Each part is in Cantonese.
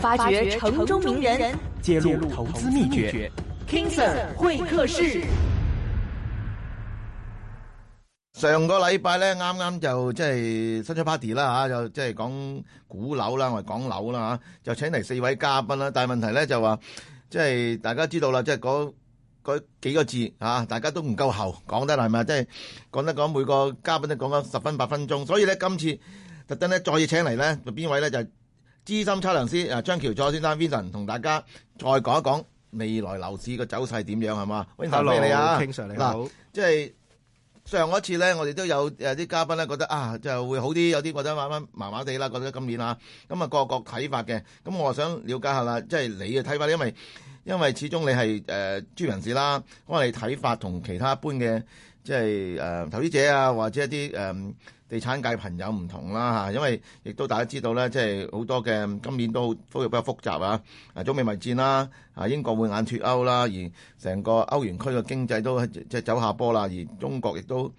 發掘城中名人，揭露路投資秘訣。King Sir 會客室。上個禮拜咧，啱啱就即係、就是、新出 party 啦吓，就即係、就是、講股樓啦，我哋講樓啦吓，就請嚟四位嘉賓啦。但係問題咧就話，即、就、係、是、大家知道啦，即係嗰嗰幾個字啊，大家都唔夠喉講得係咪？即係、就是、講得講每個嘉賓都講咗十分八分鐘，所以咧今次特登咧再請嚟咧就邊位咧就？資深測量師啊，張翹楚先生 Vincent 同大家再講一講未來樓市嘅走勢點樣係嘛 Vincent，你好, King Sir, 你好啊！嗱，即係上一次咧，我哋都有誒啲嘉賓咧覺得啊，就會好啲，有啲覺得麻麻麻麻地啦，覺得今年啊，咁啊個個睇法嘅，咁我想了解下啦，即係你嘅睇法因為因為始終你係誒專業人士啦，可能你睇法同其他一般嘅即係誒投資者啊，或者一啲誒。呃地產界朋友唔同啦嚇，因為亦都大家都知道咧，即係好多嘅今年都複亦比較複雜啊，中美貿易戰啦，啊英國會硬脱歐啦，而成個歐元區嘅經濟都即係走下坡啦，而中國亦都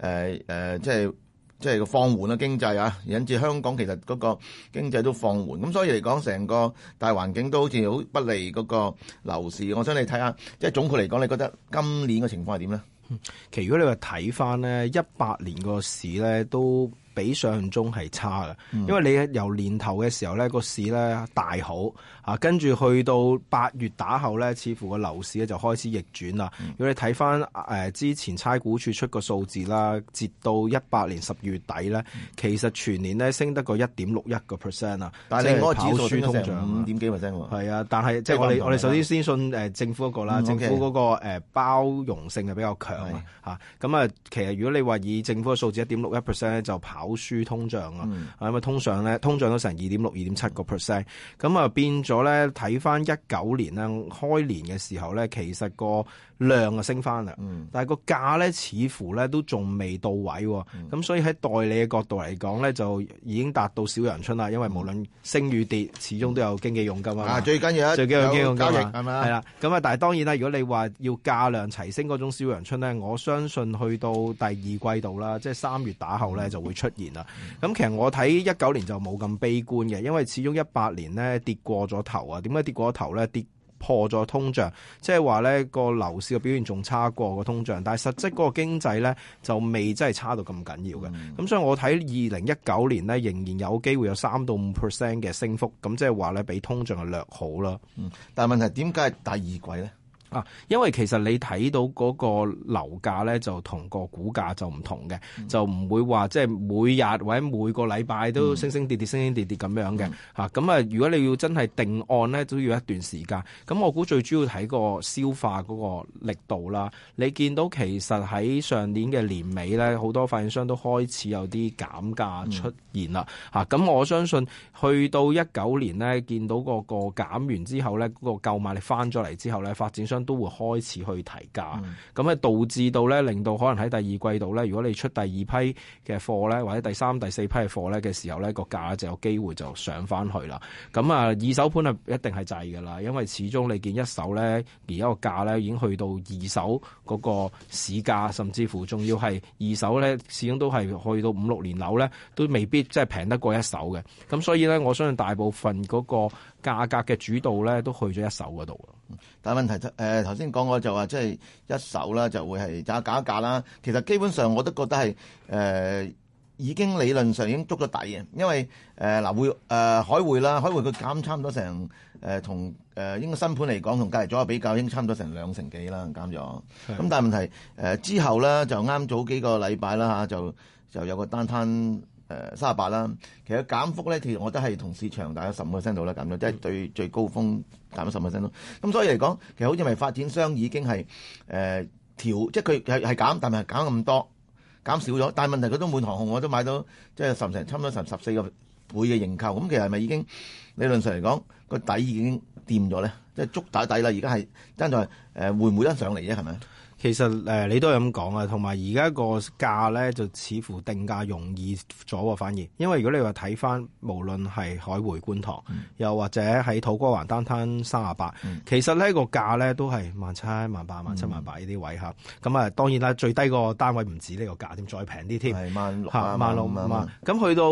誒誒即係即係放緩啦經濟啊，引致香港其實嗰個經濟都放緩，咁所以嚟講，成個大環境都好似好不利嗰個樓市。我想你睇下，即係總括嚟講，你覺得今年嘅情況係點咧？嗯，其實如果你話睇翻咧，一八年個市咧都。比上中係差嘅，因為你由年頭嘅時候咧個市咧大好啊，跟住去到八月打後咧，似乎個樓市咧就開始逆轉啦。如果你睇翻誒之前差估署出個數字啦，截到一八年十月底咧，其實全年咧升得個一點六一個 percent 啊，正嗰個指數通脹五點幾 percent 喎。係啊，但係即係我哋我哋首先先信誒政府嗰個啦，政府嗰個包容性係比較強啊。嚇咁啊，okay，其實如果你話以政府嘅數字一點六一 percent 咧，就跑。好輸通脹啊！咁啊，通脹咧，通脹都成二點六、二點七個 percent，咁啊變咗咧，睇返一九年咧開年嘅時候咧，其實個量啊升返啦，但係個價咧似乎咧都仲未到位，咁所以喺代理嘅角度嚟講咧，就已經達到小陽春啦。因為無論升與跌，始終都有經紀佣金啊。最緊要，最緊要經紀佣金啊金，係啦吧。咁啊，但係當然啦，如果你話要價量齊升嗰種小陽春咧，我相信去到第二季度啦，即係三月打後咧就會出。然啦，咁、嗯、其實我睇一九年就冇咁悲觀嘅，因為始終一八年呢跌過咗頭啊，點解跌過頭呢？跌破咗通脹，即係話呢個樓市嘅表現仲差過個通脹，但係實際嗰個經濟呢就未真係差到咁緊要嘅。咁、嗯嗯、所以我睇二零一九年呢，仍然有機會有三到五 percent 嘅升幅，咁即係話呢比通脹係略好啦、嗯。但係問題點解係第二季呢？啊，因為其實你睇到嗰個樓價咧，就同個股價就唔同嘅，嗯、就唔會話即係每日或者每個禮拜都升升跌跌升升跌跌咁樣嘅。吓、嗯，咁啊，如果你要真係定案咧，都要一段時間，咁我估最主要睇個消化嗰個力度啦。你見到其實喺上年嘅年尾咧，好多發展商都開始有啲減價出現啦。吓，咁我相信去到一九年咧，見到個減完之後咧，個購買力翻咗嚟之後咧，發展商，商。都會開始去提價，咁啊、嗯、導致到咧，令到可能喺第二季度咧，如果你出第二批嘅貨咧，或者第三、第四批嘅貨咧嘅時候咧，個價就有機會就上翻去啦。咁啊，二手盤係一定係滯噶啦，因為始終你見一手咧，而家個價咧已經去到二手嗰個市價，甚至乎仲要係二手咧，始終都係去到五六年樓咧，都未必即係平得過一手嘅。咁所以咧，我相信大部分嗰、那個。價格嘅主導咧都去咗一手嗰度，但係問題就誒頭先講過就話即係一手啦，就會係爭搞一價啦。其實基本上我都覺得係誒、呃、已經理論上已經捉咗底嘅，因為誒嗱匯誒海匯啦，海匯佢減差唔多成誒同誒應該新盤嚟講同隔籬座比較，已經差唔多成兩成幾啦減咗。咁是的 但係問題誒、呃、之後咧就啱早幾個禮拜啦嚇，就就有個單攤。誒三十八啦，其實減幅咧，其實我都係同市場大約十五個 percent 度啦，減咗即係最最高峰減咗十五個 percent 咯。咁所以嚟講，其實好似咪發展商已經係誒、呃、調，即係佢係係減，但係減咁多，減少咗。但係問題佢都滿堂紅，我都買到即係十成，差唔多十多十,十四個倍嘅認購。咁其實係咪已經理論上嚟講個底已經掂咗咧？即係足底底啦，而家係真在誒、呃、會唔會得上嚟咧？係咪？其實誒，你都係咁講啊，同埋而家個價咧就似乎定價容易咗喎。反而因為如果你話睇翻，無論係海匯觀塘，嗯、又或者喺土瓜灣單攤三廿八，其實呢個價咧都係萬七萬八萬七萬八呢啲位嚇。咁啊、嗯，當然啦，最低個單位唔止呢個價添，再平啲添，萬六萬啊，萬六五啊。咁、嗯、去到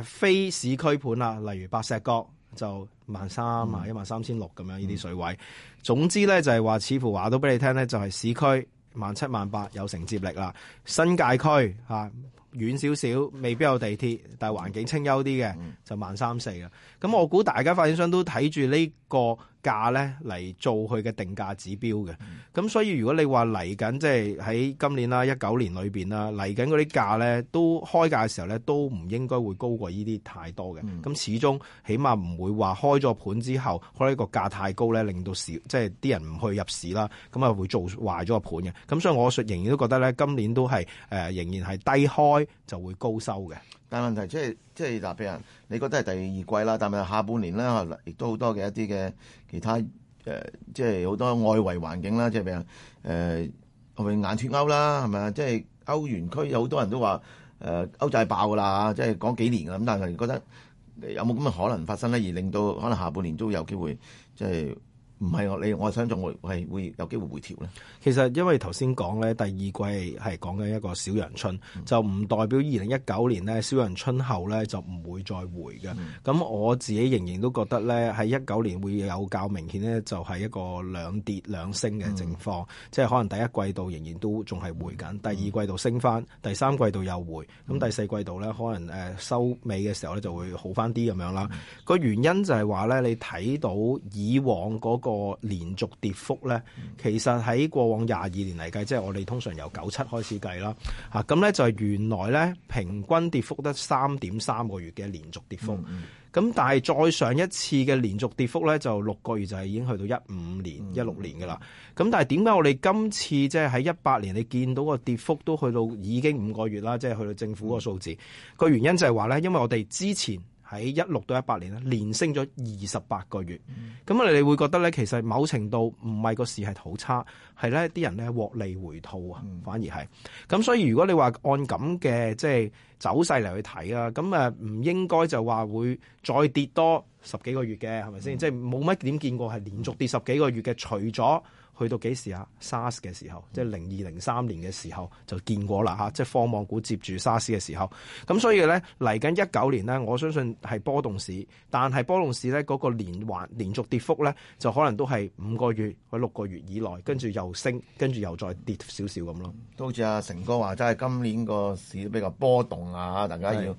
誒非市區盤啊，例如白石角。就萬三啊，一萬三千六咁樣呢啲水位。總之呢，就係話，似乎話到俾你聽呢，就係市區萬七萬八有承接力啦。新界區啊遠少少，未必有地鐵，但係環境清幽啲嘅就萬三四啦。咁我估大家發展商都睇住呢個價咧嚟做佢嘅定價指標嘅。咁、嗯、所以如果你話嚟緊即係喺今年啦、一九年裏邊啦嚟緊嗰啲價咧，都開價嘅時候咧，都唔應該會高過呢啲太多嘅。咁、嗯、始終起碼唔會話開咗盤之後開一個價太高咧，令到市即係啲人唔去入市啦，咁啊會做壞咗個盤嘅。咁所以我仍然都覺得咧，今年都係誒、呃、仍然係低開。就會高收嘅，但問題即係即係，嗱譬如你覺得係第二季啦，但係下半年啦，亦都好多嘅一啲嘅其他誒，即係好多外圍環境啦，即係譬如誒，係咪硬脱歐啦？係咪啊？即係歐元區有好多人都話誒，歐債爆噶啦，即係講幾年啦。咁但係你覺得有冇咁嘅可能發生咧，而令到可能下半年都有機會即係。就是唔係我你我相信，我係會有機會回調咧。其實因為頭先講咧，第二季係講緊一個小陽春，嗯、就唔代表二零一九年咧小陽春後咧就唔會再回嘅。咁、嗯、我自己仍然都覺得咧，喺一九年會有較明顯咧，就係、是、一個兩跌兩升嘅情況，嗯、即係可能第一季度仍然都仲係回緊，第二季度升翻，第三季度又回，咁、嗯嗯、第四季度咧可能誒、呃、收尾嘅時候咧就會好翻啲咁樣啦。個、嗯、原因就係話咧，你睇到以往嗰、那個。個連續跌幅咧，其實喺過往廿二年嚟計，即係我哋通常由九七開始計啦，吓咁咧就係原來咧平均跌幅得三點三個月嘅連續跌幅，咁、就是、但係再上一次嘅連續跌幅咧就六個月，就係已經去到一五年、一六年噶啦，咁但係點解我哋今次即係喺一八年你見到個跌幅都去到已經五個月啦，即、就、係、是、去到政府個數字，個原因就係話咧，因為我哋之前。喺一六到一八年啦，連升咗二十八個月，咁啊、嗯、你會覺得咧，其實某程度唔係個市係好差，係咧啲人咧獲利回吐啊，反而係。咁所以如果你話按咁嘅即係走勢嚟去睇啊，咁啊唔應該就話會再跌多十幾個月嘅，係咪先？嗯、即係冇乜點見過係連續跌十幾個月嘅，除咗。去到幾時啊？SARS 嘅時候，即係零二零三年嘅時候就見過啦嚇，即係科網股接住 SARS 嘅時候。咁所以咧嚟緊一九年咧，我相信係波動市，但係波動市咧嗰個連環連續跌幅咧，就可能都係五個月或六個月以內，跟住又升，跟住又再跌少少咁咯。都好似阿成哥話，真係今年個市都比較波動啊，大家要。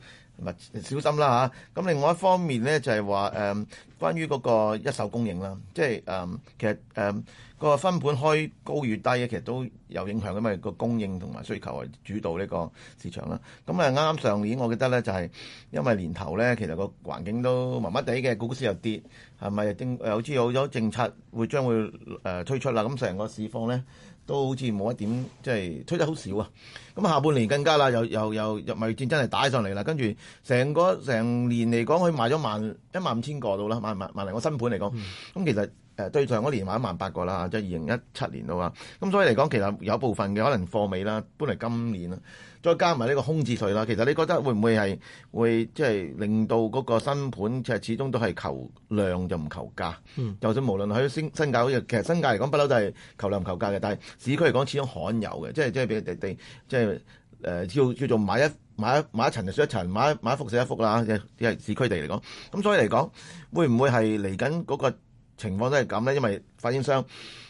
小心啦嚇！咁另外一方面呢，就係話誒關於嗰個一手供應啦，即係誒、嗯、其實誒、嗯、個分盤開高與低咧，其實都有影響嘅，咪個供應同埋需求係主導呢個市場啦。咁啊啱啱上年，我記得呢就係因為年頭呢，其實個環境都麻麻地嘅，股市又跌，係咪政有啲有咗政策會將會誒、呃、推出啦？咁成個市況呢。都好似冇一點，即係出得好少啊！咁、嗯、下半年更加啦，又又又入埋戰爭嚟打上嚟啦，跟住成個成年嚟講，可以賣咗萬一萬五千個到啦，萬萬萬零個新盤嚟講，咁、嗯嗯、其實。誒對上嗰年買一萬八個啦，即係二零一七年到嘛。咁所以嚟講，其實有部分嘅可能貨尾啦，搬嚟今年啦，再加埋呢個空置稅啦。其實你覺得會唔會係會即係令到嗰個新盤即係始終都係求量就唔求價？嗯，就算無論喺新新界嗰啲，其實新界嚟講不嬲都係求量唔求價嘅。但係市區嚟講始終罕有嘅，即係即係地地即係誒叫叫做買一買一買一買一層就收一層，買一買一幅就一幅啦。即係即係市區地嚟講，咁所以嚟講會唔會係嚟緊嗰個？情況都係咁咧，因為發展商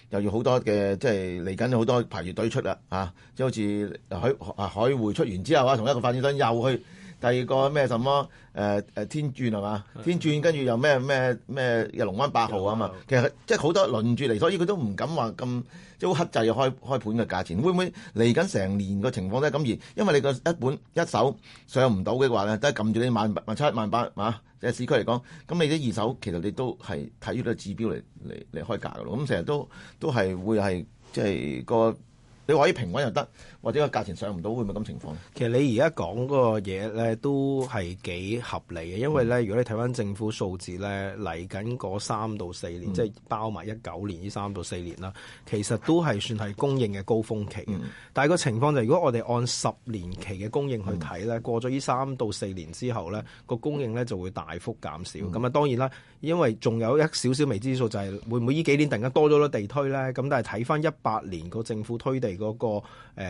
又要好多嘅，即係嚟緊好多排隊出啦，啊，即係好似海海匯出完之後啊，同一個發展商又去第二個咩什麼誒誒天鑽係嘛，天鑽跟住又咩咩咩又龍灣八號啊嘛，嗯嗯、其實即係好多輪住嚟，所以佢都唔敢話咁即係好克制嘅開開盤嘅價錢，會唔會嚟緊成年嘅情況都係咁而，因為你個一本一手上唔到嘅話咧，都係撳住你萬萬七萬八啊？喺市區嚟講，咁你啲二手其實你都係睇住啲指標嚟嚟嚟開價㗎咯。咁成日都都係會係即係個，你可以平穩又得，或者個價錢上唔到，會唔會咁情況？其實你而家講嗰個嘢咧，都係幾合理嘅，因為咧，如果你睇翻政府數字咧，嚟緊嗰三到四年，即係、嗯、包埋一九年呢三到四年啦，其實都係算係供應嘅高峰期、嗯、但係個情況就係、如果我哋按十年期嘅供應去睇咧，嗯、過咗呢三到四年之後咧，個供應咧就會大幅減少。咁啊、嗯，當然啦，因為仲有一少少未知數，就係會唔會呢幾年突然間多咗地推咧？咁但係睇翻一八年個政府推地嗰、嗰個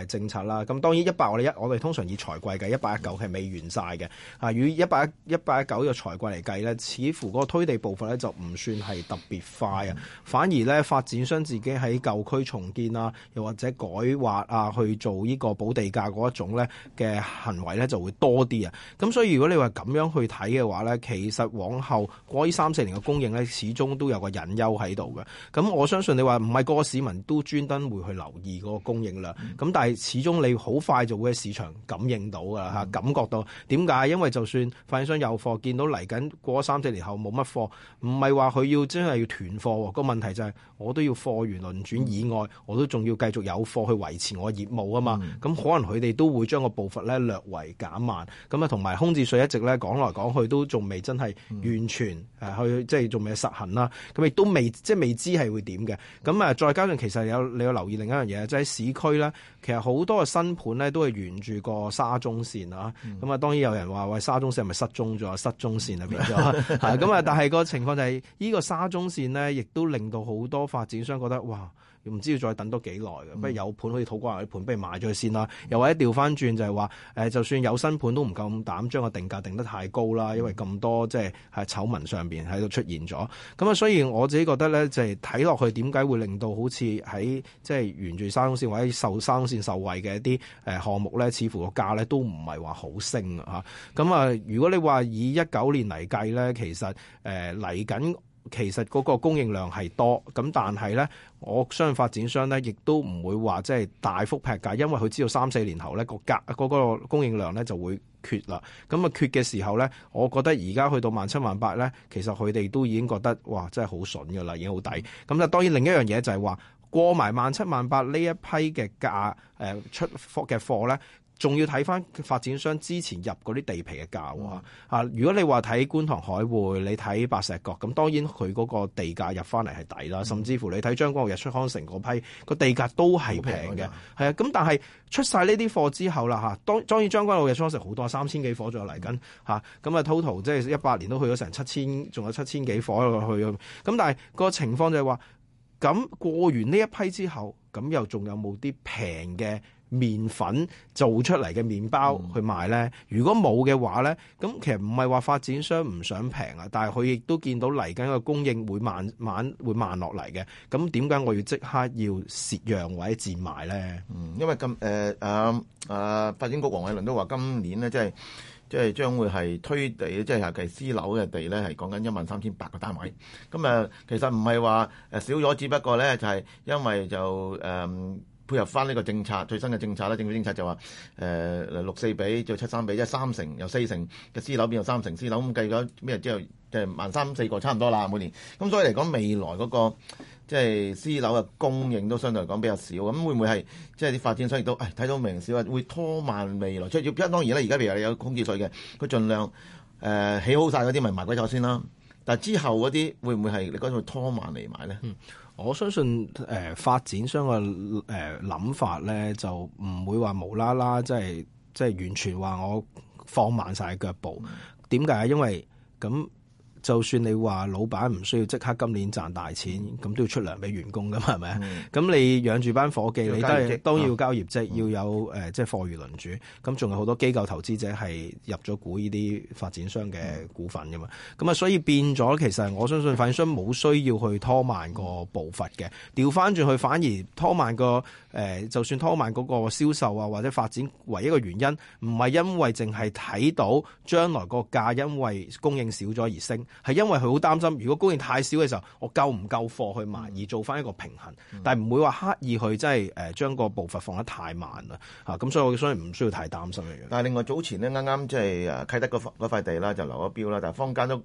政，呃呃呃察啦，咁、嗯、當然 100, 一百我哋一我哋通常以財季計，一百一九係未完晒嘅。嚇、啊，與一百一一百一九嘅財季嚟計咧，似乎嗰個推地步伐咧就唔算係特別快啊。嗯、反而咧，發展商自己喺舊區重建啊，又或者改劃啊，去做呢個補地價嗰一種咧嘅行為咧就會多啲啊。咁所以如果你話咁樣去睇嘅話咧，其實往後過依三四年嘅供應咧，始終都有個隱憂喺度嘅。咁我相信你話唔係個個市民都專登會去留意嗰個供應量，咁但係。嗯始終你好快就會喺市場感應到噶吓，感覺到點解？因為就算發展商有貨，見到嚟緊過三四年後冇乜貨，唔係話佢要真係要囤貨，個問題就係，我都要貨源輪轉以外，我都仲要繼續有貨去維持我業務啊嘛。咁可能佢哋都會將個步伐咧略為減慢。咁啊，同埋空置稅一直咧講嚟講去都仲未真係完全誒去，即係仲未實行啦。咁亦都未即係未知係會點嘅。咁啊，再加上其實有你要留意另一樣嘢，就喺市區啦，其實好。多個新盤咧，都係沿住個沙中線啊。咁啊，當然有人話喂，沙中線係咪失蹤咗？失蹤線啊，變咗。咁啊，但係個情況就係，依個沙中線咧，亦都令到好多發展商覺得哇。唔知要再等多幾耐嘅，咁有盤可以土瓜灣啲盤，不如賣咗先啦，又或者調翻轉就係話，誒就算有新盤都唔夠膽將個定價定得太高啦，因為咁多即係誒醜聞上邊喺度出現咗，咁啊，所以我自己覺得咧，就係睇落去點解會令到好似喺即係沿住沙中線或者受沙中線受惠嘅一啲誒項目咧，似乎個價咧都唔係話好升啊，咁啊，如果你話以一九年嚟計咧，其實誒嚟緊。呃其實嗰個供應量係多，咁但係咧，我相信發展商咧，亦都唔會話即係大幅劈價，因為佢知道三四年後咧，個價嗰個供應量咧就會缺啦。咁、嗯、啊缺嘅時候咧，我覺得而家去到萬七萬八咧，其實佢哋都已經覺得哇，真係好筍噶啦，已經好抵。咁、嗯、啊當然另一樣嘢就係話過埋萬七萬八呢一批嘅價誒、呃、出貨嘅貨咧。仲要睇翻發展商之前入嗰啲地皮嘅價喎、嗯啊、如果你話睇觀塘海匯，你睇白石角咁，當然佢嗰個地價入翻嚟係抵啦。嗯、甚至乎你睇將軍澳日出康城嗰批個地價都係平嘅，係啊！咁但係出晒呢啲貨之後啦嚇、啊，當當然將軍澳日出康城好多三千幾貨仲嚟緊嚇，咁啊 total 即係一八年都去咗成七千，仲有七千幾貨落去咁。但係個情況就係話，咁過完呢一批之後，咁又仲有冇啲平嘅？麵粉做出嚟嘅麵包去賣咧，如果冇嘅話咧，咁其實唔係話發展商唔想平啊，但係佢亦都見到嚟緊個供應，會慢慢會慢落嚟嘅。咁點解我要即刻要蝕讓或者賤賣咧？嗯，因為今誒誒誒發展局黃偉綸都話今年呢，即係即係將會係推地，即係係私樓嘅地咧，係講緊一萬三千八個單位。咁誒，其實唔係話誒少咗，只不過咧就係、是、因為就誒。嗯配合翻呢個政策，最新嘅政策咧，政府政策就話誒、呃、六四比就七三比，即係三成由四成嘅私樓變咗三成私樓，咁計咗咩之後即係萬三四個差唔多啦，每年。咁、嗯、所以嚟講未來嗰、那個即係私樓嘅供應都相對嚟講比較少，咁會唔會係即係啲發展商亦都誒睇到明，明少，會拖慢未來出？因為當然咧，而家譬如有空置稅嘅，佢盡量誒、呃、起好晒嗰啲咪賣鬼咗先啦。但係之後嗰啲會唔會係你講做拖慢嚟買咧？嗯我相信誒、呃、發展商嘅誒諗法咧，就唔會話無啦啦，即係即係完全話我放慢晒腳步。點解？因為咁。就算你話老闆唔需要即刻今年賺大錢，咁、嗯、都要出糧俾員工㗎嘛？係咪？咁、嗯、你養住班伙計，嗯、你都係都要交業績，嗯、要有誒、呃，即係貨如輪轉。咁仲有好多機構投資者係入咗股呢啲發展商嘅股份㗎嘛？咁啊、嗯，所以變咗其實，我相信發展商冇需要去拖慢個步伐嘅。調翻轉去，反而拖慢個。誒，就算拖慢嗰個銷售啊，或者發展唯一個原因，唔係因為淨係睇到將來個價，因為供應少咗而升，係因為佢好擔心，如果供應太少嘅時候，我夠唔夠貨去賣，而做翻一個平衡，但係唔會話刻意去即係誒將個步伐放得太慢啦嚇。咁所以，我所以唔需要太擔心一樣。嗯、但係另外早前呢，啱啱即係誒啟德嗰塊地啦，就流咗標啦，但係坊間都。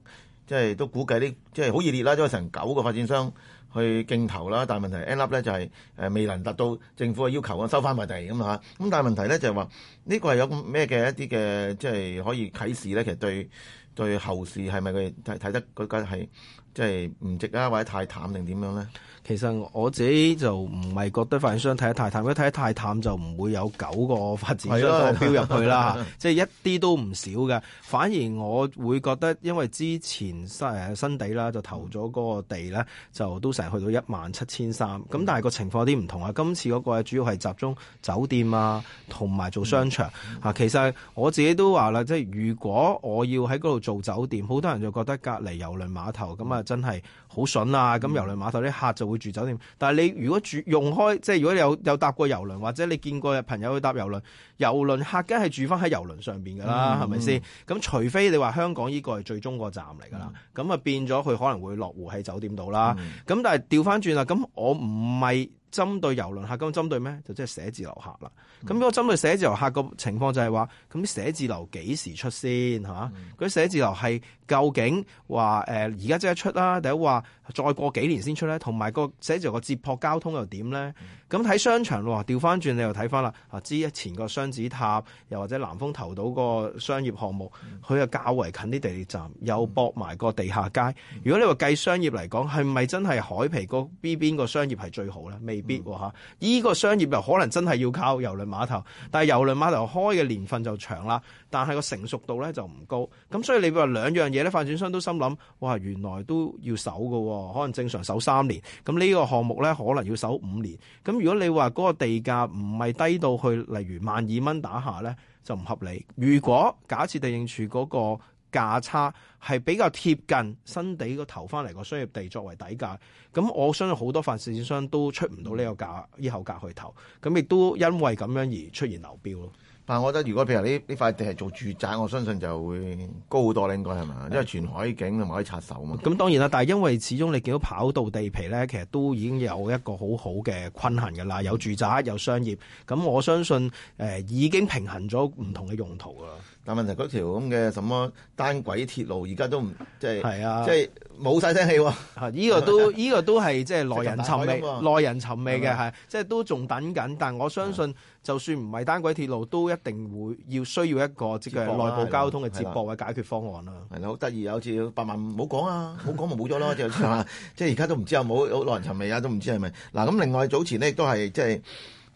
即係都估計啲，即係好熱烈啦，因為成九個發展商去競投啦。但係問題，end up 咧就係、是、誒未能達到政府嘅要求啊，收翻埋地咁啊。咁但係問題咧就係話呢個係有咩嘅一啲嘅，即係可以啟示咧。其實對對後市係咪佢睇睇得嗰間係？即係唔值啊，或者太淡定？點樣咧？其實我自己就唔係覺得發展商睇得太淡，如果睇得太淡就唔會有九個發展商都標入去啦。即係 一啲都唔少嘅。反而我會覺得，因為之前新、誒、新地啦，就投咗個地咧，就都成日去到一萬七千三。咁但係個情況有啲唔同啊。今次嗰個咧主要係集中酒店啊，同埋做商場啊。 其實我自己都話啦，即係如果我要喺嗰度做酒店，好多人就覺得隔離郵輪碼頭咁啊。真係好筍啊！咁、嗯、遊輪碼頭啲客就會住酒店，但係你如果住用開，即係如果你有有搭過遊輪，或者你見過朋友去搭遊輪，遊輪客梗係住翻喺遊輪上邊噶啦，係咪先？咁、嗯、除非你話香港呢個係最終個站嚟噶啦，咁啊、嗯、變咗佢可能會落戶喺酒店度啦。咁、嗯、但係調翻轉啦，咁我唔係。針對遊輪客咁針對咩？就即係寫字樓客啦。咁如果針對寫字樓客個情況就係話，咁啲寫字樓幾時出先嚇？嗰寫字樓係究竟話誒而家即刻出啦，定話再過幾年先出咧？同埋個寫字樓個接駁交通又點咧？咁睇商場喎，調翻轉你又睇翻啦。啊，之前個雙子塔，又或者南豐投到個商業項目，佢又較為近啲地鐵站，又駁埋個地下街。如果你話計商業嚟講，係咪真係海皮嗰邊邊、嗯、個商業係最好咧？未必喎嚇。依個商業又可能真係要靠郵輪碼頭，但係郵輪碼頭開嘅年份就長啦，但係個成熟度咧就唔高。咁所以你話兩樣嘢咧，發展商都心諗，哇，原來都要守嘅，可能正常守三年，咁呢個項目咧可能要守五年，咁。如果你話嗰個地價唔係低到去，例如萬二蚊打下呢，就唔合理。如果假設地政處嗰個價差係比較貼近新地個投翻嚟個商業地作為底價，咁我相信好多發展商都出唔到呢個價，呢口價去投，咁亦都因為咁樣而出現流標咯。但、啊、我覺得，如果譬如呢呢塊地係做住宅，我相信就會高好多啦，應該係嘛？的因為全海景同埋可以拆手嘛。咁當然啦，但係因為始終你見到跑道地皮咧，其實都已經有一個好好嘅均衡嘅啦，有住宅有商業。咁我相信誒、呃、已經平衡咗唔同嘅用途啦。但問題嗰條咁嘅什麼單軌鐵路，而家都唔即係，即係冇晒聲氣喎。呢個都呢個都係 即係耐人尋味，耐人尋味嘅係，即係都仲等緊。但我相信。就算唔係單軌鐵路，都一定會要需要一個即係內部交通嘅接駁嘅、啊、的解決方案啦。係好得意，好似百萬唔好講啊，好講咪冇咗咯。即係即係而家都唔知有冇，好耐人尋味啊， 都唔知係咪嗱咁。另外早前呢亦都係即係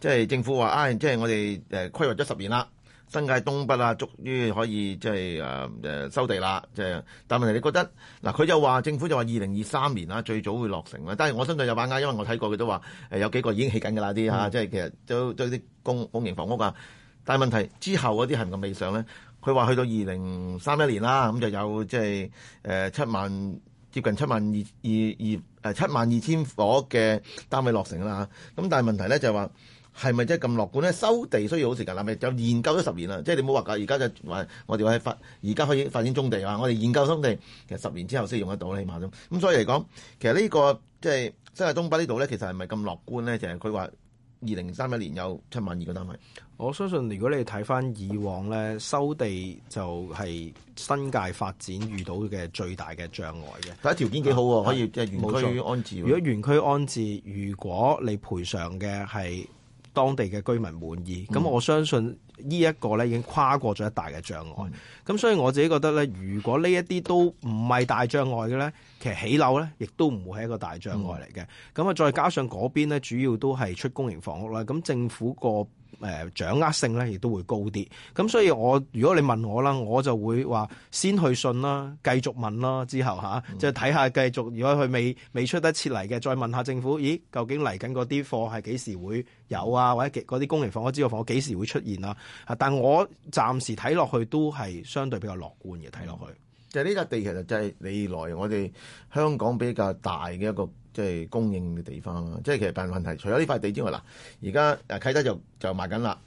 即係政府話啊，即係我哋誒規劃咗十年啦。新界東北啦，終於可以即係誒誒收地啦，即係。但係問題，你覺得嗱，佢又話政府就話二零二三年啦，最早會落成咧。但係我相信有把握，因為我睇過佢都話誒有幾個已經起緊㗎啦啲嚇，即係其實都都啲公公營房屋啊。但係問題之後嗰啲係唔咁理想咧。佢話去到二零三一年啦，咁就有即係誒、呃、七萬接近七萬二二二誒、呃、七萬二千夥嘅單位落成啦嚇。咁但係問題咧就係話。係咪真係咁樂觀咧？收地需要好時間，嗱咪就研究咗十年啦。即係你冇話㗎，而家就話我哋話發，而家可以發展棕地啊！我哋研究棕地，其實十年之後先用得到，起碼都咁。所以嚟講，其實呢、這個即係新界東北呢度咧，其實係咪咁樂觀咧？就係佢話二零三一年有七萬二個單位。我相信如果你睇翻以往咧，收地就係新界發展遇到嘅最大嘅障礙嘅。第一條件幾好喎，的可以即係原區安置。如果原區安置，如果你賠償嘅係當地嘅居民滿意，咁我相信呢一個呢已經跨過咗一大嘅障礙。咁所以我自己覺得呢，如果呢一啲都唔係大障礙嘅呢，其實起樓呢亦都唔會係一個大障礙嚟嘅。咁啊，再加上嗰邊呢主要都係出公營房屋啦，咁政府個。誒掌握性咧，亦都會高啲。咁所以我，我如果你問我啦，我就會話先去信啦，繼續問啦，之後吓，即係睇下繼續。如果佢未未出得切嚟嘅，再問下政府，咦，究竟嚟緊嗰啲貨係幾時會有啊？或者嗰啲公營房、我知道房幾時會出現啊。啊但我暫時睇落去都係相對比較樂觀嘅，睇落去。就呢笪地其實就係未來我哋香港比較大嘅一個即係供應嘅地方啦，啊。即、就、係、是、其實但係問題，除咗呢塊地之外，嗱，而家誒啟德就就賣緊啦。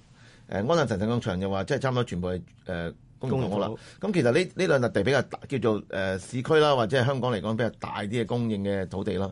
誒、嗯、安達臣石礦場就話即係差唔多全部係誒公寓屋啦。咁、呃、同其實呢呢兩笪地比較大，叫做誒、呃、市區啦，或者係香港嚟講比較大啲嘅供應嘅土地啦。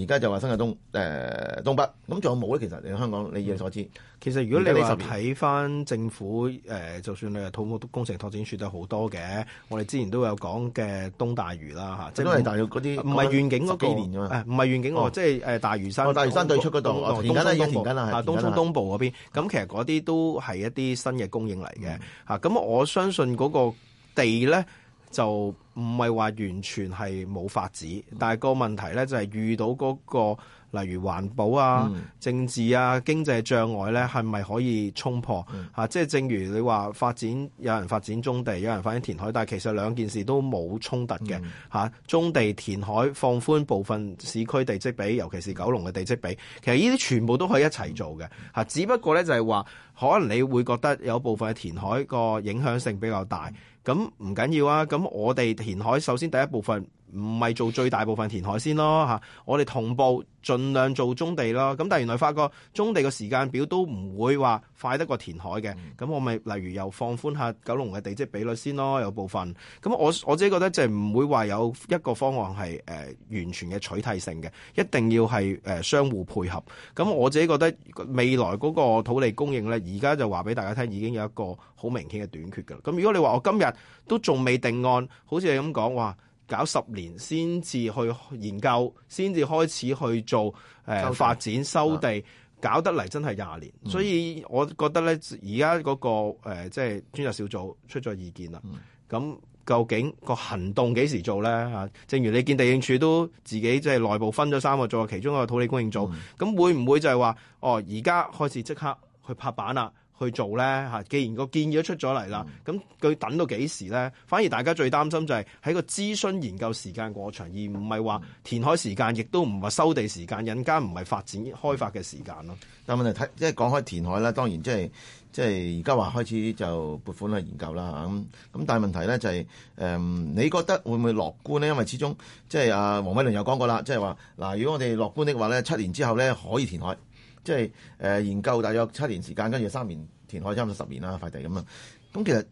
而家就話新界東誒東北，咁仲有冇咧？其實喺香港，你以為所知，其實如果你話睇翻政府誒，就算你土木工程拓展處都好多嘅。我哋之前都有講嘅東大嶼啦，嚇，即係大嶼嗰啲，唔係願景嗰幾年啊嘛，誒唔係願景喎，即係誒大嶼山、大嶼山對出嗰度，填緊、填緊、填緊啦東東部嗰邊。咁其實嗰啲都係一啲新嘅供應嚟嘅嚇。咁我相信嗰個地咧。就唔係話完全係冇法子，但係個問題咧就係遇到嗰個，例如環保啊、嗯、政治啊、經濟障礙咧，係咪可以衝破？吓、嗯啊？即係正如你話，發展有人發展棕地，有人發展填海，但係其實兩件事都冇衝突嘅。吓、啊。棕地填海放寬部分市區地積比，尤其是九龍嘅地積比，其實呢啲全部都可以一齊做嘅。吓、啊。只不過咧就係話可能你會覺得有部分嘅填海個影響性比較大。咁唔緊要啊，咁我哋填海首先第一部分。唔係做最大部分填海先咯嚇、啊，我哋同步盡量做中地咯。咁但係原來發覺中地嘅時間表都唔會話快得過填海嘅。咁、嗯、我咪例如又放寬下九龍嘅地積比率先咯，有部分。咁我我自己覺得就唔會話有一個方案係誒、呃、完全嘅取締性嘅，一定要係誒、呃、相互配合。咁我自己覺得未來嗰個土地供應呢，而家就話俾大家聽已經有一個好明顯嘅短缺㗎。咁如果你話我今日都仲未定案，好似你咁講，哇！搞十年先至去研究，先至開始去做誒、呃、交代發展收地，搞得嚟真係廿年。嗯、所以我覺得呢，而家嗰個誒即係專責小組出咗意見啦。咁、嗯、究竟個行動幾時做咧？吓、啊、正如你見地政署都自己即係內部分咗三個組，其中一個土地供應組，咁、嗯、會唔會就係話哦？而家開始即刻去拍板啦？去做咧嚇，既然個建議都出咗嚟啦，咁佢等到幾時咧？反而大家最擔心就係喺個諮詢研究時間過長，而唔係話填海時間，亦都唔係收地時間，更加唔係發展開發嘅時間咯。但問題睇，即係講開填海啦，當然即係即係而家話開始就撥款去研究啦嚇。咁咁，但係問題咧就係、是、誒，你覺得會唔會樂觀咧？因為始終即係阿黃偉倫又講過啦，即係話嗱，如果我哋樂觀的話咧，七年之後咧可以填海。即係誒，研究大約七年時間，跟住三年填海差年，差唔多十年啦塊地咁啊。咁其實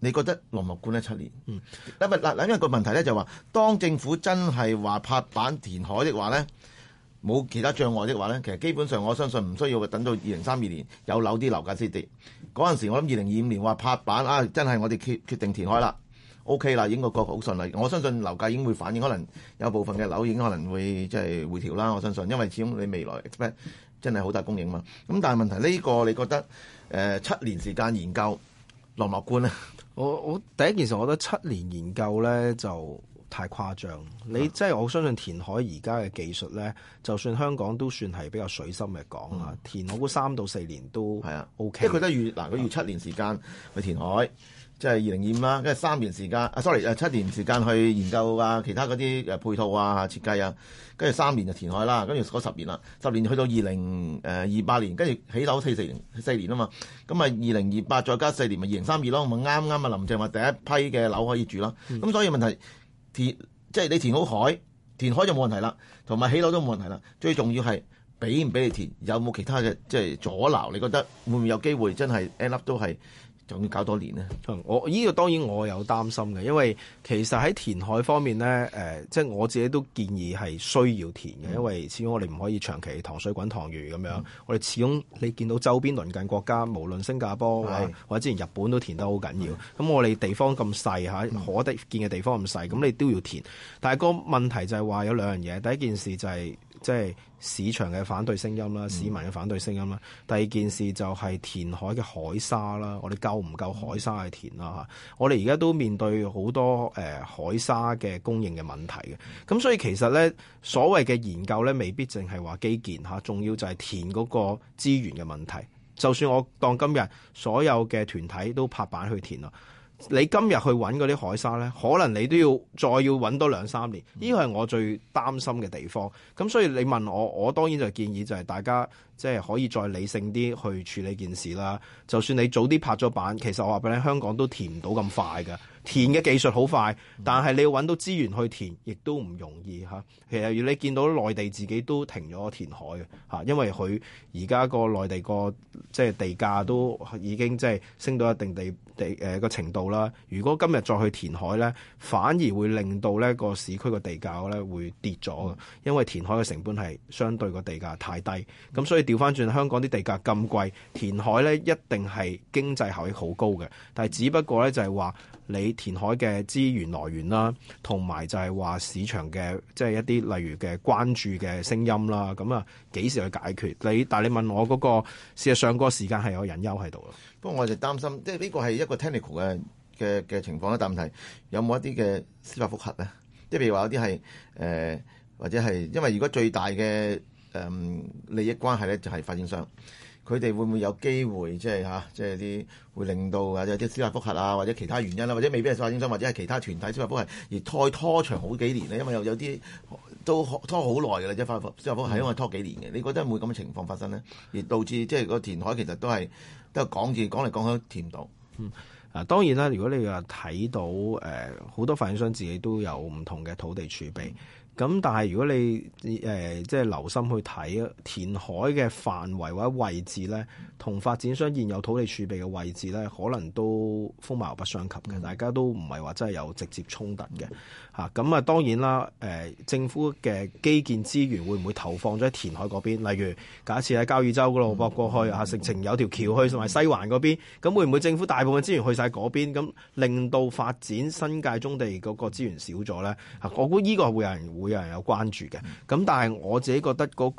你覺得樂唔樂觀呢七年，嗯，嗱咪嗱嗱，因為個問題呢就話，當政府真係話拍板填海的話呢，冇其他障礙的話呢，其實基本上我相信唔需要等到二零三二年有樓啲樓價先跌。嗰陣時我諗二零二五年話拍板啊，真係我哋決決定填海啦，O K 啦，已經個個好順利。我相信樓價已經會反映，可能有部分嘅樓已經可能會即係回調啦。我相信，因為始終你未來 expect。真係好大供應嘛？咁、嗯、但係問題呢、呢個，你覺得誒、呃、七年時間研究樂唔樂觀呢？我我第一件事，我覺得七年研究呢就太誇張。啊、你即係我相信填海而家嘅技術呢，就算香港都算係比較水深嘅港啦。嗯、填海估三到四年都係啊，OK。佢都要嗱，佢預七年時間去填海，即係二零二五啦。跟住三年時間啊，sorry，啊、七年時間去研究啊，其他嗰啲配套啊、設計啊。跟住三年就填海啦，跟住嗰十年啦，十年去到二零誒二八年，跟住起樓四四年四年啊嘛，咁啊二零二八再加四年咪二零三二咯，咪啱啱啊林鄭話第一批嘅樓可以住啦，咁所以問題填即係你填好海，填海就冇問題啦，同埋起樓都冇問題啦，最重要係俾唔俾你填，有冇其他嘅即係阻撓？你覺得會唔會有機會真係 end up 都係？仲要搞多年呢？嗯、我呢、這個當然我有擔心嘅，因為其實喺填海方面呢，誒、呃，即係我自己都建議係需要填嘅，因為始終我哋唔可以長期塘水滾塘魚咁樣。嗯、我哋始終你見到周邊鄰近國家，無論新加坡或者，是或者之前日本都填得好緊要。咁是、嗯、我哋地方咁細吓，可見的建嘅地方咁細，咁你都要填。但係個問題就係話有兩樣嘢，第一件事就係、是。即係市場嘅反對聲音啦，市民嘅反對聲音啦。嗯、第二件事就係填海嘅海沙啦，我哋夠唔夠海沙去填啦？嚇、嗯，我哋而家都面對好多誒海沙嘅供應嘅問題嘅。咁、嗯、所以其實呢，所謂嘅研究呢，未必淨係話基建嚇，重要就係填嗰個資源嘅問題。就算我當今日所有嘅團體都拍板去填啦。你今日去揾嗰啲海沙呢，可能你都要再要揾多兩三年，呢個係我最擔心嘅地方。咁所以你問我，我當然就建議就係大家。即係可以再理性啲去處理件事啦。就算你早啲拍咗板，其實我話俾你，香港都填唔到咁快㗎。填嘅技術好快，但係你要揾到資源去填，亦都唔容易嚇。其實如果你見到內地自己都停咗填海嘅嚇，因為佢而家個內地個即係地價都已經即係升到一定地地誒個、呃、程度啦。如果今日再去填海呢，反而會令到呢個市區個地價呢會跌咗嘅，因為填海嘅成本係相對個地價太低，咁所以。調翻轉香港啲地價咁貴，填海咧一定係經濟效益好高嘅，但係只不過咧就係話你填海嘅資源來源啦，同埋就係話市場嘅即係一啲例如嘅關注嘅聲音啦，咁啊幾時去解決？你但係你問我嗰個事實上個時間係有隱憂喺度咯。不過我就擔心，即係呢個係一個 technical 嘅嘅嘅情況啦。但係有冇一啲嘅司法覆核咧？即係譬如話有啲係誒或者係因為如果最大嘅。誒利益關係咧就係發展商，佢哋會唔會有機會即係嚇，即係啲會令到或者啲司法覆核啊，或者其他原因啦，或者未必係發展商，或者係其他團體司法覆核？而拖拖長好幾年呢，因為有有啲都拖好耐嘅啦，即係司法覆司法覆核係因為拖幾年嘅，嗯、你覺得會唔會咁嘅情況發生呢？而導致即係個填海其實都係都係講住講嚟講去填到。啊、嗯、當然啦，如果你話睇到誒好、呃、多發展商自己都有唔同嘅土地儲備。咁但係如果你誒、呃、即係留心去睇填海嘅範圍或者位置咧，同發展商現有土地儲備嘅位置咧，可能都風貌不相及嘅，大家都唔係話真係有直接衝突嘅嚇。咁、嗯、啊當然啦，誒、呃、政府嘅基建資源會唔會投放咗喺填海嗰邊？例如假設喺交椅洲路駁過去啊，直情有條橋去同埋西環嗰邊，咁會唔會政府大部分資源去晒嗰邊，咁令到發展新界棕地嗰個資源少咗咧？啊，我估依個會有人。會有人有關注嘅，咁但係我自己覺得嗰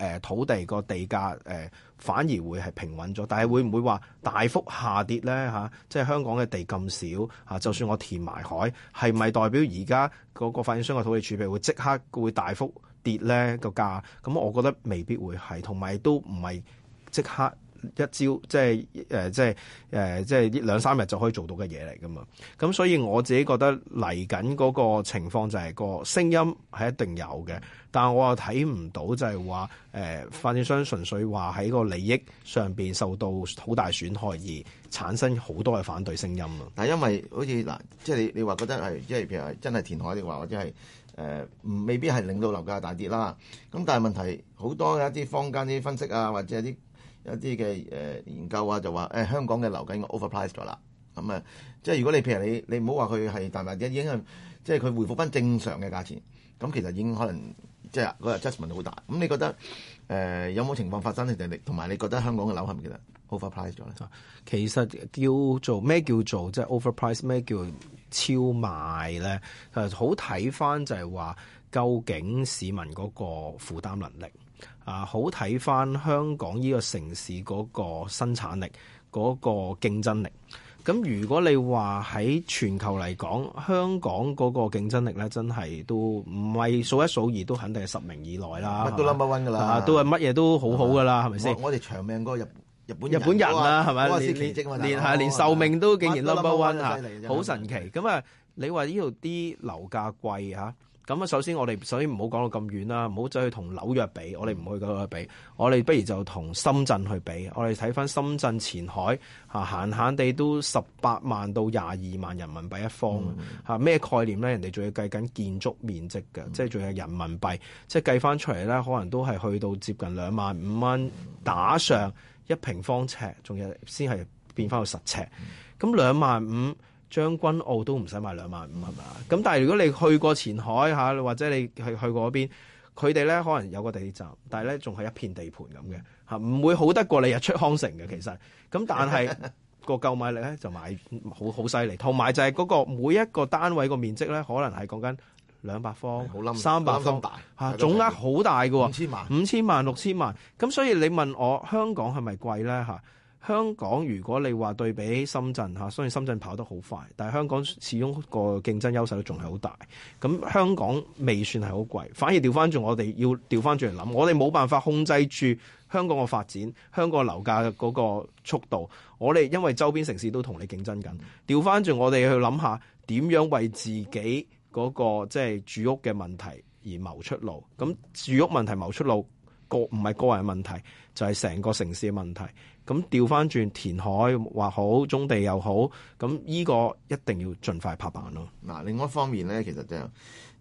個土地個地價誒反而會係平穩咗，但係會唔會話大幅下跌咧嚇、啊？即係香港嘅地咁少嚇、啊，就算我填埋海，係咪代表而家嗰個發展商嘅土地儲備會即刻會大幅跌咧個價？咁我覺得未必會係，同埋都唔係即刻。一招即係誒，即係誒，即係兩三日就可以做到嘅嘢嚟㗎嘛。咁所以我自己覺得嚟緊嗰個情況就係個聲音係一定有嘅，但係我又睇唔到就係話誒發展商純粹話喺個利益上邊受到好大損害而產生好多嘅反對聲音咯。但係因為好似嗱，即係你你話覺得係即係譬如係真係填海話，你話或者係誒、呃、未必係令到樓價大跌啦。咁但係問題好多一啲坊間啲分析啊，或者係啲。一啲嘅誒研究啊，就話誒、哎、香港嘅樓緊個 overpriced 咗啦，咁、嗯、啊，即係如果你譬如你你唔好話佢係大大啲，已經係即係佢回復翻正常嘅價錢，咁、嗯、其實已經可能即係嗰、那個 adjustment 好大。咁、嗯、你覺得誒、呃、有冇情況發生定定？同埋你覺得香港嘅樓係唔係其實 overpriced 咗咧、啊？其實叫做咩叫做即係、就是、overpriced 咩叫超賣咧？誒好睇翻就係話究竟市民嗰個負擔能力。啊，好睇翻香港呢個城市嗰個生產力、嗰個競爭力。咁如果你話喺全球嚟講，香港嗰個競爭力咧，真係都唔係數一數二，都肯定係十名以內啦。乜都 number one 噶啦，都係乜嘢都好好噶啦，係咪先？我哋長命過日日本日本人啦，係咪？連連係連壽命都竟然 number one，好神奇。咁啊，你話呢度啲樓價貴吓？咁啊，首先我哋首先唔好講到咁遠啦，唔好再去同紐約比，我哋唔去紐約比，我哋不如就同深圳去比，我哋睇翻深圳前海嚇，閒閒地都十八萬到廿二萬人民幣一方嚇，咩概念咧？人哋仲要計緊建築面積嘅，即係仲有人民幣，即係計翻出嚟咧，可能都係去到接近兩萬五蚊打上一平方尺，仲有先係變翻到十尺，咁兩萬五。將軍澳都唔使買兩萬五係嘛？咁、嗯、但係如果你去過前海嚇，或者你係去過嗰邊，佢哋咧可能有個地鐵站，但係咧仲係一片地盤咁嘅嚇，唔會好得過你日出康城嘅其實。咁、嗯嗯、但係個 購買力咧就買好好犀利，同埋就係嗰個每一個單位個面積咧，可能係講緊兩百方、三百、嗯、方嚇，大總額好大㗎喎，五千萬、五千萬、六千萬。咁所以你問我香港係咪貴咧嚇？香港如果你話對比深圳吓，雖然深圳跑得好快，但係香港始終個競爭優勢都仲係好大。咁香港未算係好貴，反而調翻轉我哋要調翻轉嚟諗，我哋冇辦法控制住香港嘅發展、香港樓價嗰個速度。我哋因為周邊城市都同你競爭緊調翻轉，我哋去諗下點樣為自己嗰個即係住屋嘅問題而謀出路。咁住屋問題謀出路。個唔係個人問題，就係、是、成個城市嘅問題。咁調翻轉填海話好，種地又好，咁呢個一定要盡快拍板咯。嗱，另外一方面咧，其實就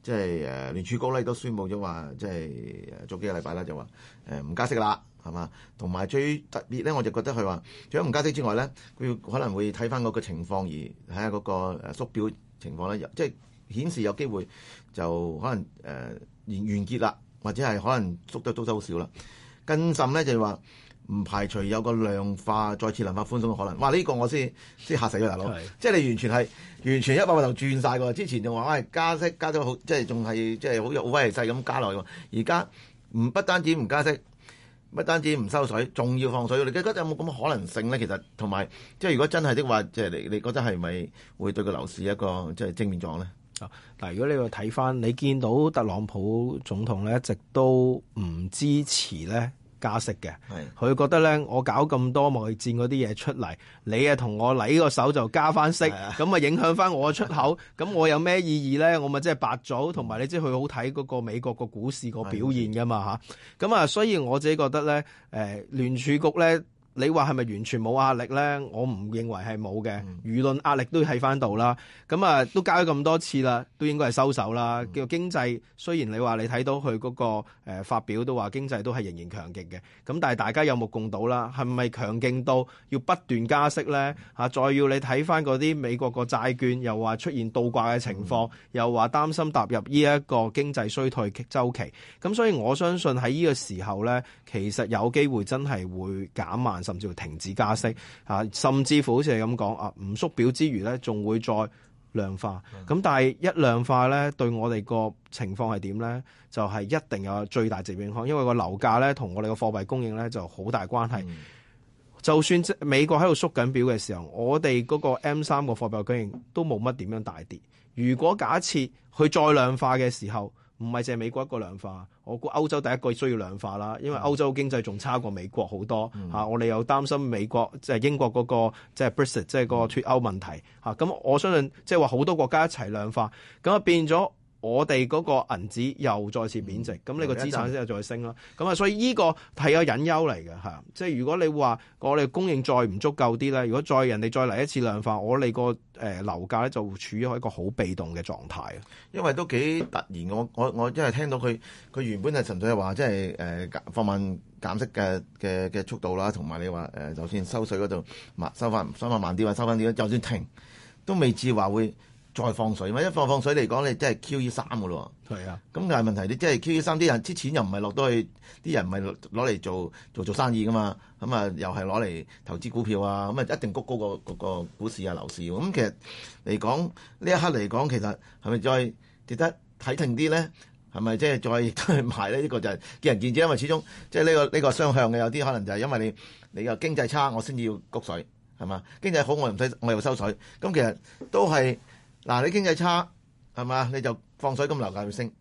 即係誒聯儲局咧都宣佈咗話，即係早幾個禮拜啦，就話誒唔加息啦，係嘛？同埋最特別咧，我就覺得佢話，除咗唔加息之外咧，佢可能會睇翻嗰個情況而睇下嗰個縮表情況咧，即、就、係、是、顯示有機會就可能誒完、呃、完結啦。或者係可能縮得都得好少啦，更甚咧就係話唔排除有個量化再次量化寬鬆嘅可能。哇！呢個我先先嚇死個大佬，是的 即係你完全係完全一百個頭轉晒喎。之前仲話喂加息加咗好，即係仲係即係好有威力勢咁加落去。而家唔不單止唔加息，不單止唔收水，仲要放水。你覺得有冇咁嘅可能性咧？其實同埋即係如果真係的，的話，即係你你覺得係咪會對個樓市一個即係正面狀咧？嗱，如果你去睇翻，你見到特朗普總統咧一直都唔支持咧加息嘅，佢的覺得咧我搞咁多貿易戰嗰啲嘢出嚟，你啊同我禮個手就加翻息，咁啊的影響翻我嘅出口，咁的我有咩意義咧？我咪即係白咗，同埋你知佢好睇嗰個美國個股市個表現噶嘛嚇，咁啊的，所以我自己覺得咧，誒聯儲局咧。你話係咪完全冇壓力呢？我唔認為係冇嘅，輿論壓力都喺翻度啦。咁啊，都加咗咁多次啦，都應該係收手啦。個經濟雖然你話你睇到佢嗰個誒發表都話經濟都係仍然強勁嘅，咁但係大家有目共睹啦，係咪強勁到要不斷加息呢？啊，再要你睇翻嗰啲美國個債券又話出現倒掛嘅情況，又話擔心踏入呢一個經濟衰退周期。咁所以我相信喺呢個時候呢，其實有機會真係會減慢。甚至會停止加息啊，甚至乎好似係咁講啊，唔縮表之餘咧，仲會再量化咁。嗯、但係一量化咧，對我哋個情況係點呢？就係、是、一定有最大值影響，因為個樓價咧同我哋個貨幣供應咧就好大關係。嗯、就算美國喺度縮緊表嘅時候，我哋嗰個 M 三個貨幣供應都冇乜點樣大跌。如果假設佢再量化嘅時候，唔係淨係美國一個量化，我估歐洲第一個需要量化啦，因為歐洲經濟仲差過美國好多嚇、嗯啊，我哋又擔心美國即係、就是、英國嗰、那個即係 Brexit 即係嗰個脱歐問題嚇，咁、啊、我相信即係話好多國家一齊量化，咁啊變咗。我哋嗰個銀紙又再次貶值，咁、嗯、你個資產又再升啦。咁啊、嗯，所以呢個係有隱憂嚟嘅，係即係如果你話我哋供應再唔足夠啲咧，如果再人哋再嚟一次量化，我哋個誒樓價咧就會處於一個好被動嘅狀態啊。因為都幾突然，我我我因為聽到佢佢原本係純粹係話，即係誒放慢減息嘅嘅嘅速度啦，同埋你話誒、呃，就算收水嗰度收收翻收翻慢啲，或收翻啲，就算停都未至話會。再放水嘛？一放放水嚟講，你真係 Q E 三噶咯。係啊的，咁但係問題你即係 Q E 三啲人啲錢又唔係落到去，啲人唔係攞嚟做做做生意噶嘛？咁、嗯、啊，又係攞嚟投資股票啊？咁、嗯、啊，一定谷高過、嗰個股市啊、樓市，啊。咁其實嚟講呢一刻嚟講，其實係咪再值得睇定啲咧？係咪即係再去賣呢？呢 個就係見仁見智，因為始終即係呢個呢、呢個雙向嘅。有啲可能就係因為你你個經濟差，我先至要谷水係嘛？經濟好，我唔使我又要收水。咁其實都係。嗱，你經濟差係嘛？你就放水，咁樓價會升。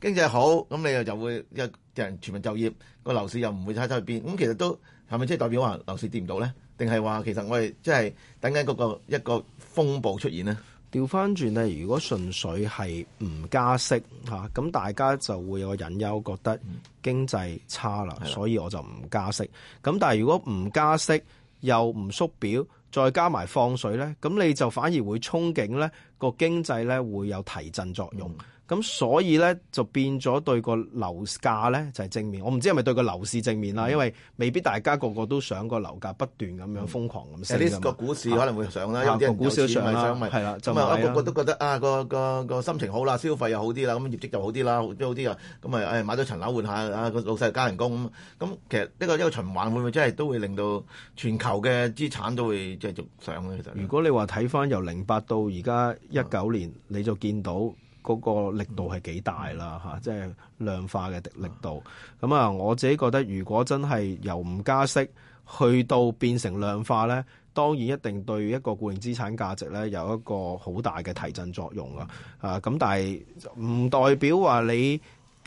經濟好咁，你又就會一人全民就業，個樓市又唔會差走去邊。咁其實都係咪即係代表話樓市跌唔到咧？定係話其實我哋即係等緊嗰一,一個風暴出現咧？調翻轉咧，如果純粹係唔加息嚇，咁、啊、大家就會有個隱憂，覺得經濟差啦，嗯、所以我就唔加息。咁的但係如果唔加息又唔縮表，再加埋放水咧，咁你就反而會憧憬咧，個經濟咧會有提振作用。嗯咁所以咧就變咗對個樓價咧就係正面，我唔知係咪對個樓市正面啦，因為未必大家個個都想個樓價不斷咁樣瘋狂咁升咁。有個、嗯、股市可能會上啦，啊、有啲人、啊啊、股市咪上咪，咁啊個個都覺得啊個個個心情好啦，消費又好啲啦，咁、啊、業績又好啲啦，好啲啊，咁咪誒買多層樓換下啊個老細加人工咁。咁、啊啊啊、其實呢個一個循環會唔會真係都會令到全球嘅資產都會繼續上咧？其實 如果你話睇翻由零八到而家一九年，你就見到。嗰個力度係幾大啦嚇，即係量化嘅力度。咁啊，我自己覺得，如果真係由唔加息去到變成量化呢，當然一定對一個固定資產價值呢有一個好大嘅提振作用啊。啊，咁但係唔代表話你。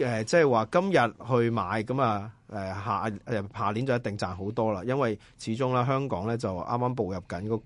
誒，即係話今日去買咁啊，誒下誒下年就一定賺好多啦。因為始終啦，香港咧就啱啱步入緊嗰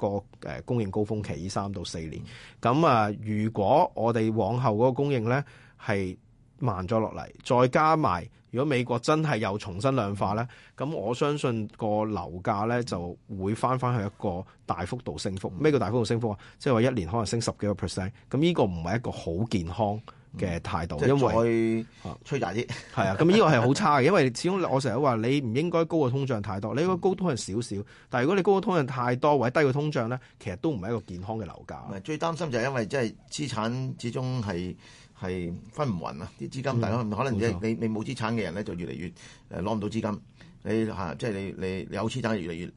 個供應高峰期，三到四年。咁啊、嗯，如果我哋往後嗰個供應咧係慢咗落嚟，再加埋，如果美國真係又重新量化咧，咁我相信個樓價咧就會返返去一個大幅度升幅。咩叫大幅度升幅啊？即係話一年可能升十幾個 percent。咁呢個唔係一個好健康。嘅態度，嗯、因為吹大啲係啊，咁呢、嗯、個係好差嘅， 因為始終我成日話你唔應該高個通脹太多，你應該高通脹少少。但係如果你高個通脹太多，或者低個通脹咧，其實都唔係一個健康嘅樓價。最擔心就係因為即係資產始終係係分唔勻啊！啲資金大、嗯、可能你你你冇資產嘅人咧就越嚟越誒攞唔到資金，你嚇即係你你有資產就越嚟越。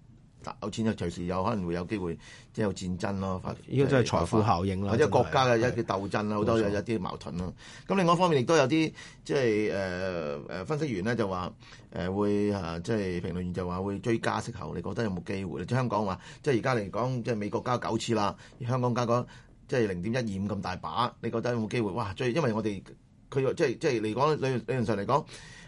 有錢就隨時有可能會有機會即係戰爭咯，呢個真係財富效應啦，或者國家嘅一啲鬥爭啦，好是多有一啲矛盾啦。咁另外一方面亦都有啲即係誒誒分析員咧就話誒會嚇即係評論員就話會追加息口，你覺得有冇機會？即係香港話即係而家嚟講即係美國加九次啦，香港加咗即係零點一二五咁大把，你覺得有冇機會？哇！最因為我哋佢即係即係嚟講，理論上嚟講。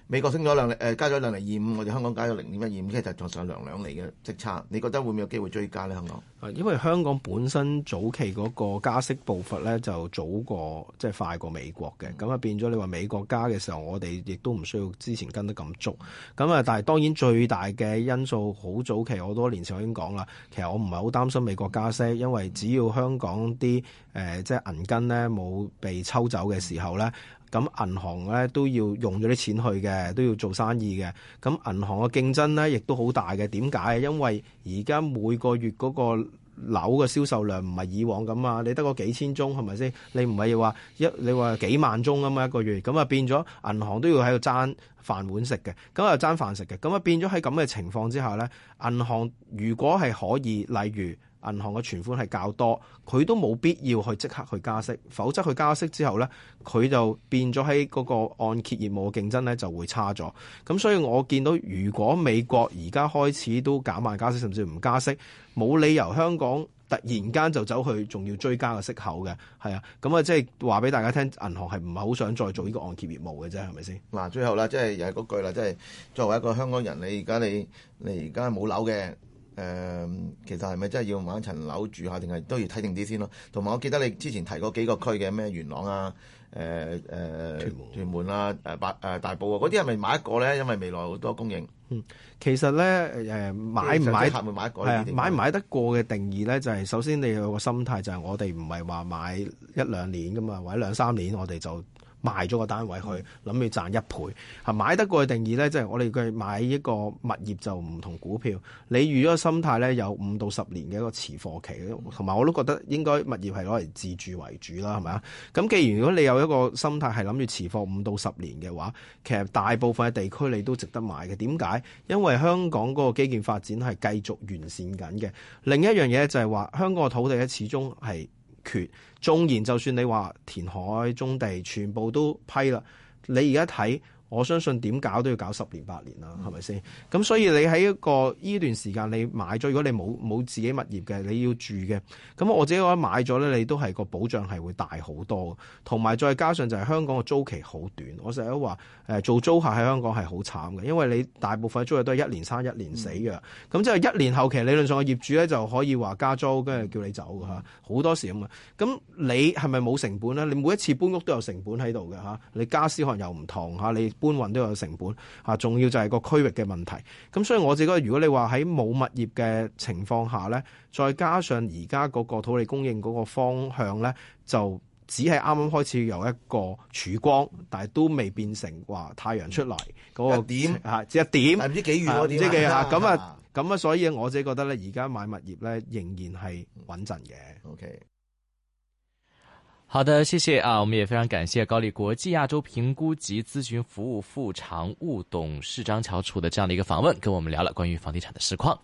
美國升咗兩厘，誒加咗兩厘二五，我哋香港加咗零點一二五，其實就仲有兩兩釐嘅息差。你覺得會唔會有機會追加咧？香港啊，因為香港本身早期嗰個加息步伐咧就早過，即係快過美國嘅，咁啊變咗你話美國加嘅時候，我哋亦都唔需要之前跟得咁足。咁啊，但係當然最大嘅因素，好早期好多年前我已經講啦，其實我唔係好擔心美國加息，因為只要香港啲誒、呃、即係銀根咧冇被抽走嘅時候咧。咁銀行咧都要用咗啲錢去嘅，都要做生意嘅。咁銀行嘅競爭咧亦都好大嘅。點解？因為而家每個月嗰個樓嘅銷售量唔係以往咁啊，你得個幾千宗係咪先？你唔係要話一你話幾萬宗啊嘛，一個月咁啊，變咗銀行都要喺度爭飯碗食嘅，咁又爭飯食嘅，咁啊變咗喺咁嘅情況之下咧，銀行如果係可以，例如。銀行嘅存款係較多，佢都冇必要去即刻去加息，否則佢加息之後呢，佢就變咗喺嗰個按揭業務嘅競爭呢就會差咗。咁所以我見到，如果美國而家開始都減慢加息，甚至唔加息，冇理由香港突然間就走去仲要追加個息口嘅。係啊，咁啊，即係話俾大家聽，銀行係唔係好想再做呢個按揭業務嘅啫？係咪先？嗱，最後啦，即係又係嗰句啦，即係作為一個香港人，你而家你你而家冇樓嘅。誒、嗯，其實係咪真係要買一層樓住下，定係都要睇定啲先咯？同埋我記得你之前提過幾個區嘅，咩元朗啊，誒、呃、誒，屯、呃、屯門啊，誒百誒大埔啊，嗰啲係咪買一個咧？因為未來好多供應。嗯、其實咧誒買唔買？買唔買、買得過嘅定義咧，就係、係、首先你有個心態，就係我哋唔係話買一兩年噶嘛，或者兩三年我哋就。賣咗個單位去，諗住賺一倍。買得過嘅定義呢，即係我哋買一個物業就唔同股票。你預咗個心態呢，有五到十年嘅一個持貨期，同埋我都覺得應該物業係攞嚟自住為主啦，係咪啊？咁既然如果你有一個心態係諗住持貨五到十年嘅話，其實大部分嘅地區你都值得買嘅。點解？因為香港嗰個基建發展係繼續完善緊嘅。另一樣嘢就係話，香港嘅土地咧始終係缺。縱然就算你話填海、棕地，全部都批啦，你而家睇。我相信點搞都要搞十年八年啦，係咪先？咁，嗯，所以你喺一個呢段時間，你買咗如果你冇冇自己物業嘅，你要住嘅，咁我自己覺得買咗咧，你都係個保障係會大好多。同埋再加上就係香港個租期好短，我成日都話誒做租客喺香港係好慘嘅，因為你大部分租客都係一年生一年死嘅，咁即係一年後期理論上個業主咧就可以話加租，跟住叫你走嘅嚇，好多時啊嘛。咁你係咪冇成本咧？你每一次搬屋都有成本喺度嘅嚇，你家私可能又唔同嚇，你，搬運都有成本，啊，仲要就係個區域嘅問題。咁所以我自己覺得，如果你話喺冇物業嘅情況下咧，再加上而家個土地供應嗰個方向咧，就只係啱啱開始有一個曙光，但係都未變成話太陽出嚟嗰、那個點吓，只一點，唔知幾遠喎，唔知幾啊咁啊，咁啊，啊，所以我自己覺得咧，而家買物業咧仍然係穩陣嘅。OK。好的，謝謝啊，我們也非常感謝高力國際亞洲評估及諮詢服務副常務董事張翹楚的這樣的一個訪問，跟我們聊了關於房地產的實況。